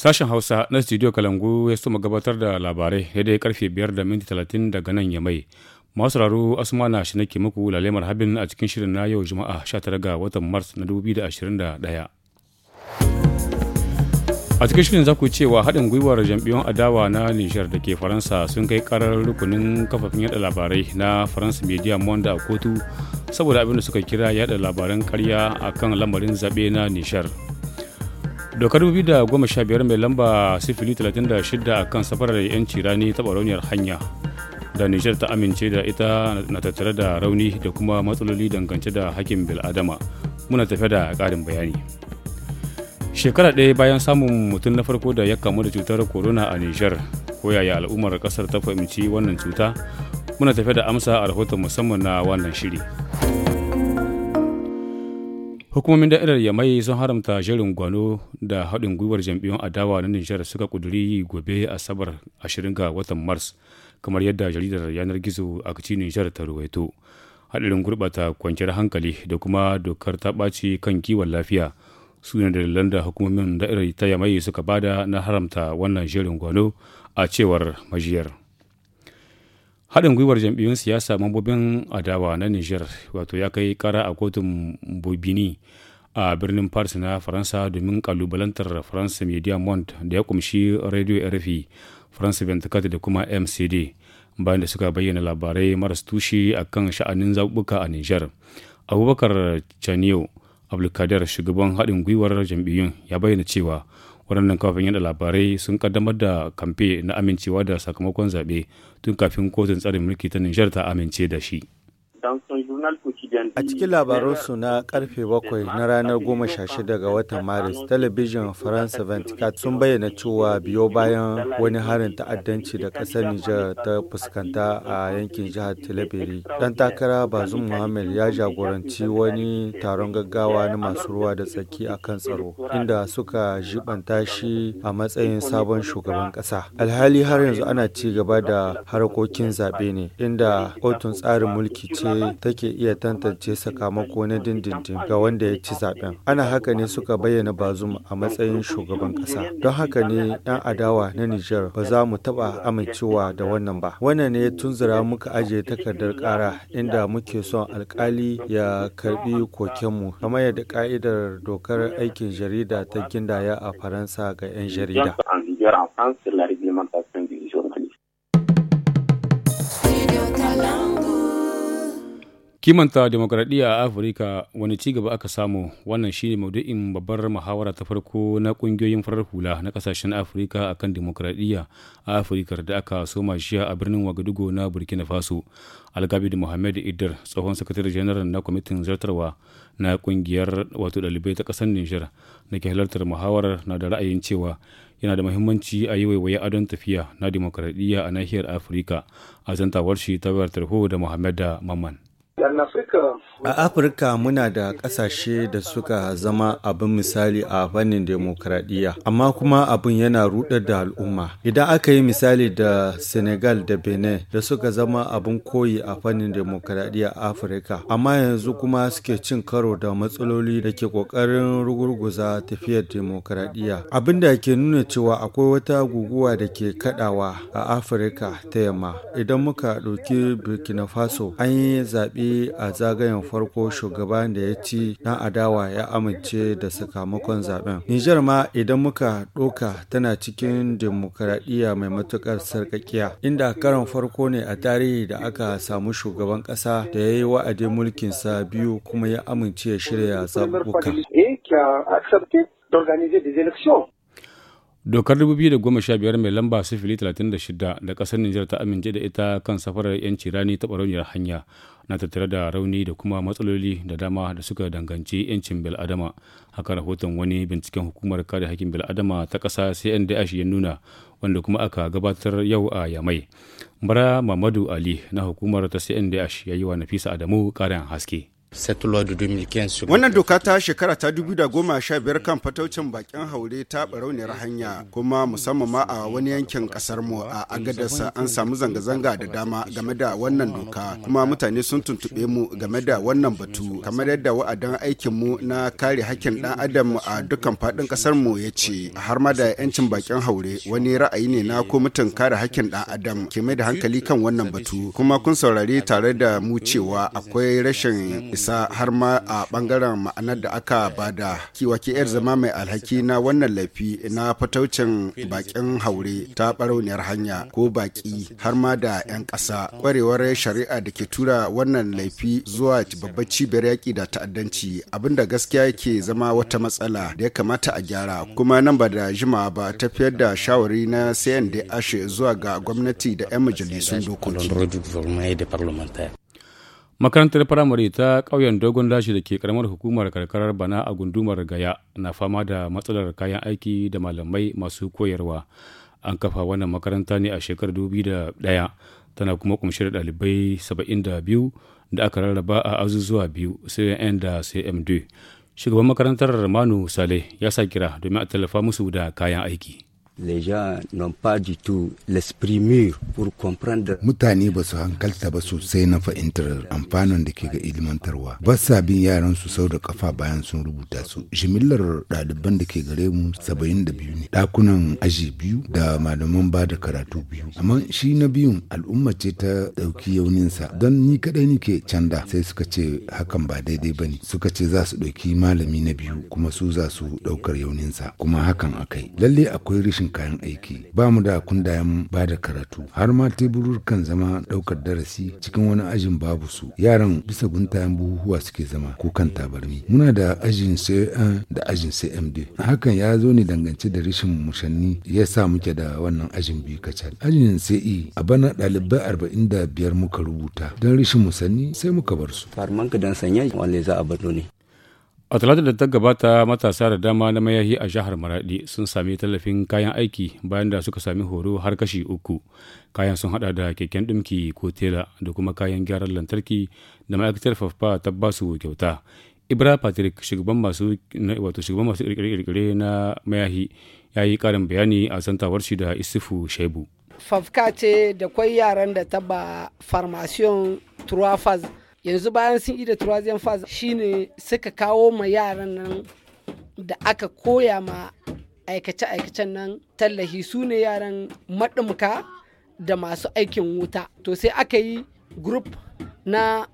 Sashen Hausa na Studio Kalangu ya suma gabatar da labarai daidai karfe 5 da minti 30 daga nan ya mai. Masu raro Asmana shi nake muku lalemar habin a cikin shirin na yau Juma'a 19 ga watan Mars na 2021. A cikin shirin za ku cewa haɗin gwiwar jam'iyyun adawa na Nijar da ke Faransa sun kai karar rukunin kafafin yada labarai na Faransa Media Monde a kotu saboda abin da suka kira yada labaran karya akan lamarin zaɓe na Nijar. dokar 2015 mai lamba 036 a kan safarar 'yanci rani ta barauniyar hanya da nijar ta amince da ita na tattare da rauni da kuma matsaloli dangance da hakin bil'adama muna tafe da ƙarin bayani shekara ɗaya bayan samun mutum na farko da ya kamu da cutar corona a nijar ko yaya al'ummar ƙasar ta fahimci wannan cuta muna tafe da amsa a rahoton musamman na wannan shiri. Hukumomin da'irar Yamai sun haramta shirin gwano da haɗin gwiwar jam'iyyun adawa na Nijar suka ƙuduri gobe a sabar 20 ga watan Mars, kamar yadda jaridar yanar gizo a kaci Nijar ta ruwaito. Haɗarin gurɓata kwanciyar hankali da kuma dokar ta ɓaci kan kiwon lafiya su ne dalilan da hukumomin da'irar ta Yamai suka bada na haramta wannan shirin gwano a cewar majiyar. haɗin gwiwar jam'iyyun siyasa mambobin adawa na niger wato ya kai kara a kotun bobini a birnin paris na faransa domin kalubalantar france media mont da ya kumshi radio rfi france 24 da kuma mcd bayan da suka bayyana labarai maras tushe a kan sha'anin zaɓuɓɓuka a niger abubakar chaniyo abdulkadir shugaban haɗin gwiwar jam'iyyun ya bayyana cewa waɗannan kafin yada labarai sun kaddamar da kamfe na amincewa da sakamakon zaɓe tun kafin kotun tsarin mulki ta nijar ta amince da shi A cikin labarunsu na karfe bakwai na ranar goma sha shida ga watan Maris, talabijin France 24 sun bayyana cewa biyo bayan wani harin ta'addanci da ƙasar Nijar ta fuskanta a yankin jihar Tilabiri. Dan takara Bazum Muhammad ya jagoranci wani taron gaggawa na masu ruwa da tsaki a kan tsaro, inda suka jibanta shi a matsayin sabon shugaban ƙasa. Alhali har yanzu ana ci gaba da harkokin zaɓe ne, inda kotun tsarin mulki ce take iya tantance sakamako na dindindin ga wanda ya ci zaben. Ana haka ne suka bayyana Bazum a matsayin shugaban kasa. Don haka ne 'yan adawa na Nijar ba za mu taɓa amincewa da wannan ba. Wannan ne ya tunzura muka ajiye takardar kara inda muke son alkali ya karbi kokenmu kamar yadda ka'idar dokar aikin jarida ta gindaya a Faransa ga 'yan jarida. Kimanta demokradiyya a Afirka wani ci gaba aka samu wannan shine maudu'in babbar muhawara ta farko na kungiyoyin farar hula na kasashen Afirka akan demokradiyya a Afirka da aka soma shi a birnin Wagadugo na Burkina Faso. alkabid Mohamed Idar tsohon sakatare janar na kwamitin zartarwa na kungiyar wato dalibai ta kasar niger na ke halartar muhawarar na da ra'ayin cewa yana da muhimmanci a yi waiwaye adon tafiya na demokradiyya a nahiyar Afirka a zantawar shi ta tarho da Mohamed Maman. A Afirka muna da ƙasashe da suka zama abin misali a fannin demokradiyya, amma kuma abin yana ruɗa da al'umma. Idan aka yi misali da Senegal da Benin da suka zama abin koyi a fannin demokradiyya a Afirka, amma yanzu kuma suke cin karo da matsaloli da ke ƙoƙarin rugurguza tafiyar demokradiyya. Abin da ke nuna cewa akwai wata guguwa da ke kaɗawa a Afirka ta yamma. Idan muka ɗauki Burkina Faso, an yi zaɓe a zagayen farko shugaban da ya ci dan adawa ya amince da sakamakon zaben. Nijar ma idan muka ɗoka tana cikin demokaradiyya mai matukar sarkakiya inda karon farko ne a tarihi da aka samu shugaban ƙasa da ya yi wa'adin mulkinsa biyu kuma ya amince shirya zaɓuɓɓuka. Dokar 2015 mai lamba sifili talatin da kasar Nijar ta amince da ita kan safarar 'yanci rani ta barauniyar hanya na tattare da rauni da kuma matsaloli da dama da suka danganci 'yancin bil'adama. Haka rahoton wani binciken hukumar kare hakkin bil'adama ta ƙasa CNDH ya nuna wanda kuma aka gabatar yau a Yamai. Bara Mamadu Ali na hukumar ta CNDH ya yi wa Nafisa Adamu ƙarin haske. Wannan doka ta shekara ta biyar kan fataucin bakin haure ta barauniyar hanya kuma musamman ma a wani yankin kasar mu a agadarsa an samu zanga-zanga da dama game da wannan doka kuma mutane sun tuntube mu game da wannan batu kamar yadda wa'adan aikin mu na kare hakkin dan adam a dukkan fadin kasar mu ya ce har ma da yancin bakin haure wani ra'ayi ne na mutum kare hakkin dan adam ke mai da hankali kan wannan batu kuma kun saurari tare da mu cewa akwai rashin isa har ma a bangaren ma'anar da aka bada kiwaki yar zama mai alhaki na wannan laifi na fataucin bakin haure ta barauniyar hanya ko baki har ma da 'yan ƙasa kwarewar shari'a da ke tura wannan laifi zuwa babbar cibiyar yaƙi da ta'addanci abinda gaskiya ke zama wata matsala da ya kamata a gyara kuma nan ba da jimawa ba tafiyar da shawari na ashe zuwa ga gwamnati da 'yan majalisun dokoki makarantar firamare ta ƙauyen dogon lashi da ke karamar hukumar karkarar bana a gundumar gaya na fama da matsalar kayan aiki da malamai masu koyarwa an kafa wannan makaranta ne a shekarar ɗaya tana kuma kumshi da ɗalibai saba'in da biyu da aka rarraba a azuzuwa biyu cn da cmd shugaban makarantar manu sale ya sa kira domin a tallafa musu da kayan aiki les gens n'ont pas du tout l'esprit mûr pour comprendre. Mutane ba su hankalta ba sosai na fahimtar amfanin da ke ga ilmantarwa. Ba sa bin yaran su sau da kafa bayan sun rubuta su. Jimillar ɗaliban da ke gare mu saba'in da biyu ne. Ɗakunan aji biyu da malaman ba da karatu biyu. Amma shi na biyun al'umma ce ta ɗauki yauninsa don ni kaɗai nike canda sai suka ce hakan ba daidai ba ne. Suka ce za su ɗauki malami na biyu kuma su za su ɗaukar yauninsa kuma hakan akai. Lalle akwai rashin kayan aiki ba mu da kundayen ba da karatu har ma teburur kan zama ɗaukar darasi cikin wani ajin babu su yaran bisa guntayen buhuhuwa suke zama ko kan tabarmi muna da ajin CN da ajin CMD hakan ya zo ne dangance da rashin mushanni ya sa muke da wannan ajin biyu kacal ajin CE a bana ɗalibai arba'in da biyar muka rubuta don rashin musanni sai muka bar su. ka dan sanya wale za a bado ne. A talatar da ta gabata matasa da dama na mayahi a jihar Maradi sun sami tallafin kayan aiki bayan da suka sami horo har kashi uku. Kayan sun hada da keken dumki ko tela da kuma kayan gyaran lantarki da ma'aikatar fafa ta basu kyauta. Ibra Patrick shugaban masu wato shugaban masu kirkire na mayahi ya yi karin bayani a santawar shi da Isufu Shebu. Fafka ce da kwai yaran da ta ba farmasiyon Turafaz yanzu bayan sun yi da turazian shi shine suka kawo ma yaran nan da aka koya ma aikace-aikacen nan tallahi su ne yaran maɗumka da masu aikin wuta to sai aka yi group na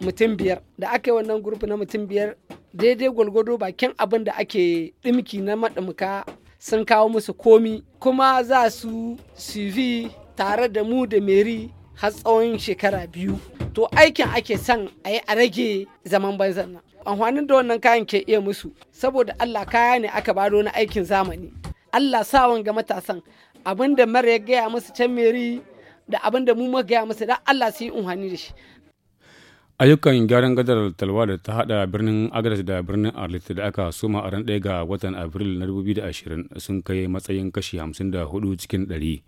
mutum biyar da aka yi wannan group na mutum biyar daidai gwalgwado bakin abin da ake ɗimki na maɗumka sun kawo musu komi kuma za su cv tare da mu da meri har tsawon shekara biyu to aikin ake son a yi a rage zaman banza nan amfanin da wannan kayan ke iya musu saboda allah kaya ne aka baro na aikin zamani allah sawan ga matasan abin da mara ya gaya musu can meri da abin da mu muka gaya musu da allah su yi unhani da shi ayyukan gyaran gadar talwa da ta hada birnin agadas da birnin arlit da aka suma a ran ɗaya ga watan abril na 2020 sun kai matsayin kashi 54 cikin 100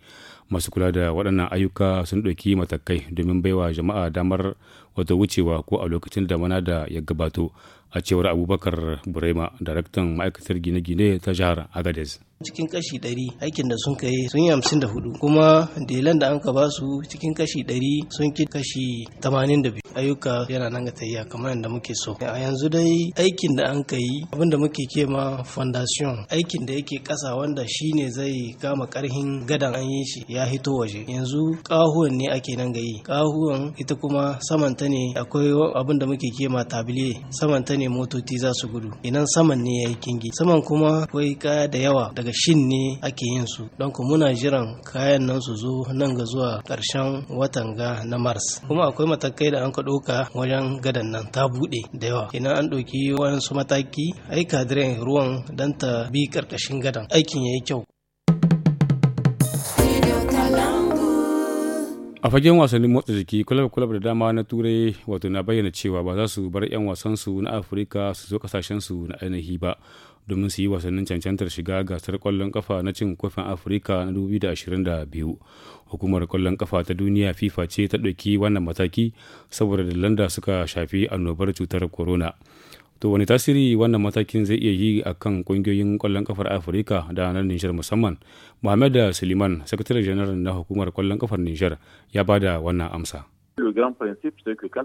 masu kula da waɗannan ayyuka sun ɗauki matakai domin baiwa jama'a damar wato wucewa ko a lokacin da mana da ya gabato a cewar abubakar burema daraktan ma'aikatar gine-gine ta jihar agadez cikin kashi 100 aikin da sun kai sun yi hamsin kuma delan da an ka basu cikin kashi 100 sun ki kashi 82 ayyuka yana nan ga tayya kamar yadda muke so a yanzu dai aikin da an ka yi abinda muke kema foundation aikin da yake kasa wanda shine zai kama karhin gadan an yi shi ya hito waje yanzu kahuwan ne ake nan ga yi kahuwan ita kuma samanta ne akwai abin da muke kema tabile samanta ne ne motoci za su gudu idan saman ne ya yi kingi saman kuma akwai kaya da yawa daga shin ne ake yin su don ku muna jiran kayan nan su zo nan ga zuwa karshen watan ga na mars kuma akwai matakai da an ka ɗauka wajen gadan nan ta buɗe da yawa idan an ɗauki wasu mataki ai kadiren ruwan don ta bi ƙarƙashin gadan aikin ya yi kyau a fagen wasannin motsa jiki kulab-kulab da dama na turai wato na bayyana cewa ba za su bar 'yan wasansu na afirka su zo kasashensu na ainihi ba domin su yi wasannin cancantar shiga gasar kwallon kafa na cin kofin afirka na 2022 hukumar kwallon kafa ta duniya fifa ce ta ɗauki wannan mataki saboda dalilan da suka shafi annobar cutar corona to wani tasiri wannan matakin zai iya yi a kan ƙungiyoyin ƙwallon ƙafar afirka da na nijar musamman muhammad suleiman sakataren janar na hukumar ƙwallon ƙafar nijar ya ba da wannan amsa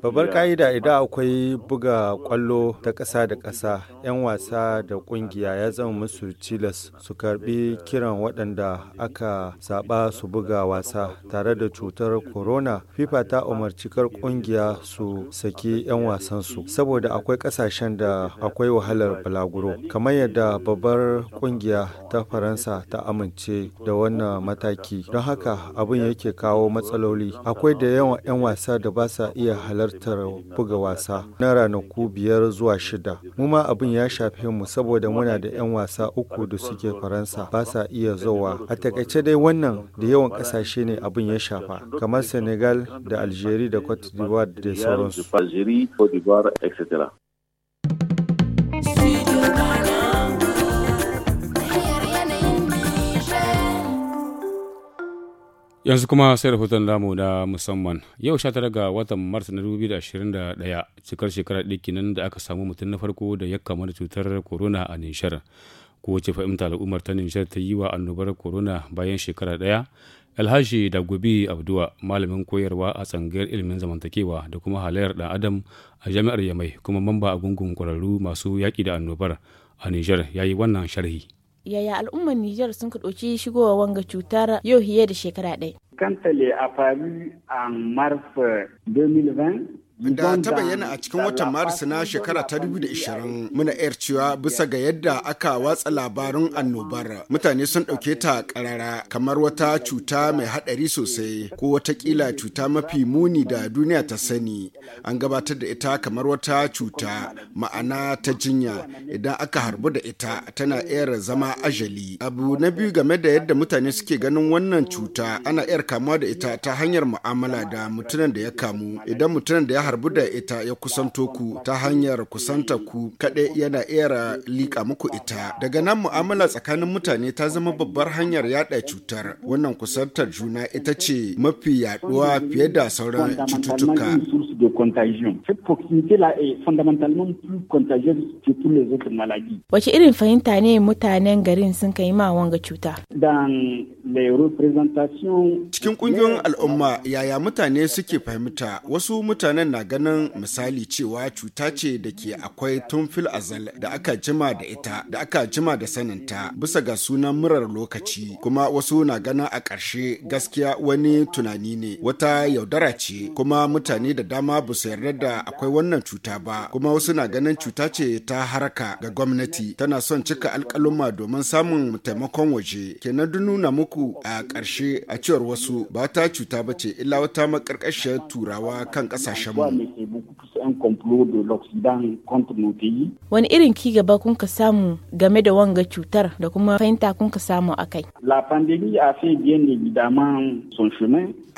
Babbar ka'ida idan akwai buga kwallo ta ƙasa da ƙasa, 'yan wasa da ƙungiya ya zama musu cilas su karbi kiran waɗanda aka zaɓa su buga wasa tare da cutar corona. FIFA ta umarci kar ƙungiya su saki 'yan wasansu, saboda akwai ƙasashen da akwai wahalar balaguro. Kamar yadda babbar ƙungiya ta Faransa ta amince da wannan mataki, don haka abin yake kawo matsaloli. Akwai da yawan 'yan wasa wasa da ba sa iya halartar buga wasa na ranaku biyar zuwa shida. Mu ma abin ya shafe mu saboda muna da 'yan wasa uku da suke Faransa ba sa iya zowa. A takaice dai wannan da yawan kasashe ne abin ya shafa, kamar Senegal da Algeria da Cote d'Ivoire da sauransu. yanzu kuma sai rahoton lamu na musamman yau sha tara ga watan mars na 2021 cikar shekarar ɗikinan da aka samu mutum na farko da ya kama da cutar corona a nishar wace fahimta al'ummar ta nishar ta yi wa annobar corona bayan shekara ɗaya alhaji da gobi abduwa malamin koyarwa a tsangayar ilimin zamantakewa da kuma halayyar ɗan adam a jami'ar yamai kuma mamba a gungun kwararru masu yaƙi da annobar a nijar ya yi wannan sharhi yaya al'ummar Nijar sun ɗauki shigowa wanga cutar yau fiye da shekara ɗaya. Quand a est apparue en mars 2020, da ta bayyana a cikin watan maris na shekara ta da 2020 muna yar cewa bisa ga yadda aka watsa labarun annobar mutane sun ɗauke ta karara kamar wata cuta mai haɗari sosai ko watakila cuta mafi muni da duniya ta sani an gabatar da ita kamar wata cuta ma'ana ta jinya idan aka harbu da ita tana iya zama ajali abu na biyu game da yadda mutane suke ganin wannan cuta ana yar kamuwa da ita ta hanyar mu'amala da mutumin da ya kamu idan mutumin da ya harbu da ita ya kusanto ku ta hanyar kusanta ku kaɗai yana era liƙa muku ita. Daga nan mu'amala tsakanin mutane ta zama babbar hanyar yaɗa cutar. Wannan kusantar juna ita ce mafi yaɗuwa fiye da sauran cututtuka. contagion. Cette proximité-là est fondamentalement plus contagieuse que toutes les autres maladies. Wace irin fahimta ne mutanen garin sun kai ma wanga cuta? Dan les représentations Cikin kungiyoyin al'umma yaya mutane suke fahimta wasu mutanen na ganin misali cewa cuta ce da ke akwai tun fil azal da aka jima da ita da aka jima da saninta bisa ga sunan murar lokaci kuma wasu na ganin a ƙarshe gaskiya wani tunani ne wata yaudara ce kuma mutane da dama ba su yarda da akwai wannan cuta ba kuma wasu na ganin cuta ce ta haraka ga gwamnati tana son cika alkaluma domin samun taimakon waje kenan duk nuna muku a ƙarshe a cewar wasu ba ta cuta ba ce illa wata makarkashiyar turawa kan ƙasashen mu. Wani irin ki gaba kun ka samu game da wanga cutar da kuma fahimta kun ka samu a kai?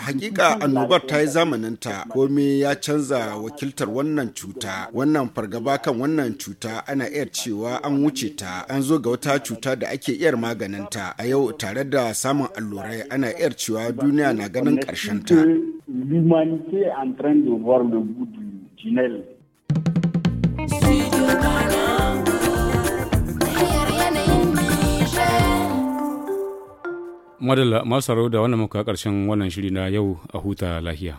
Hakika annobar ta yi zamaninta komai ya canza canza wakiltar wannan cuta wannan fargaba kan wannan cuta ana iya cewa an wuce ta an zo ga wata cuta da ake iya maganinta a yau tare da samun allurai ana iya cewa duniya na ganin ƙarshen ta. madalla masu da wannan muka karshen wannan shiri na yau a huta lahiya